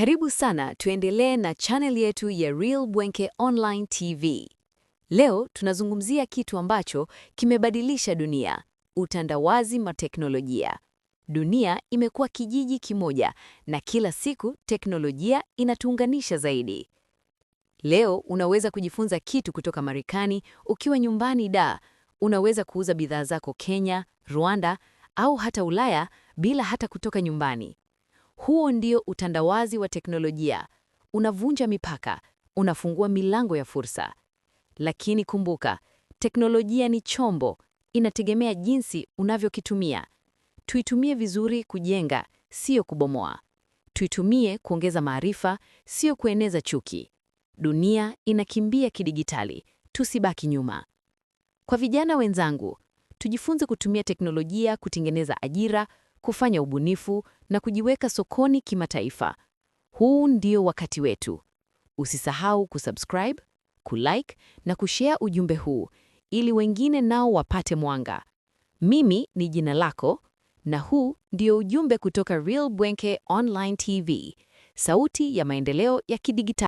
Karibu sana, tuendelee na channel yetu ya Real Bwenke Online TV. Leo tunazungumzia kitu ambacho kimebadilisha dunia, utandawazi wa teknolojia. Dunia imekuwa kijiji kimoja na kila siku teknolojia inatuunganisha zaidi. Leo unaweza kujifunza kitu kutoka Marekani ukiwa nyumbani da. Unaweza kuuza bidhaa zako Kenya, Rwanda au hata Ulaya bila hata kutoka nyumbani. Huo ndio utandawazi wa teknolojia. Unavunja mipaka, unafungua milango ya fursa. Lakini kumbuka, teknolojia ni chombo, inategemea jinsi unavyokitumia. Tuitumie vizuri kujenga, sio kubomoa. Tuitumie kuongeza maarifa, sio kueneza chuki. Dunia inakimbia kidigitali, tusibaki nyuma. Kwa vijana wenzangu, tujifunze kutumia teknolojia kutengeneza ajira, kufanya ubunifu na kujiweka sokoni kimataifa. Huu ndio wakati wetu. Usisahau kusubscribe, kulike na kushare ujumbe huu ili wengine nao wapate mwanga. Mimi ni jina lako na huu ndio ujumbe kutoka Real Bwenke Online TV, sauti ya maendeleo ya kidigitali.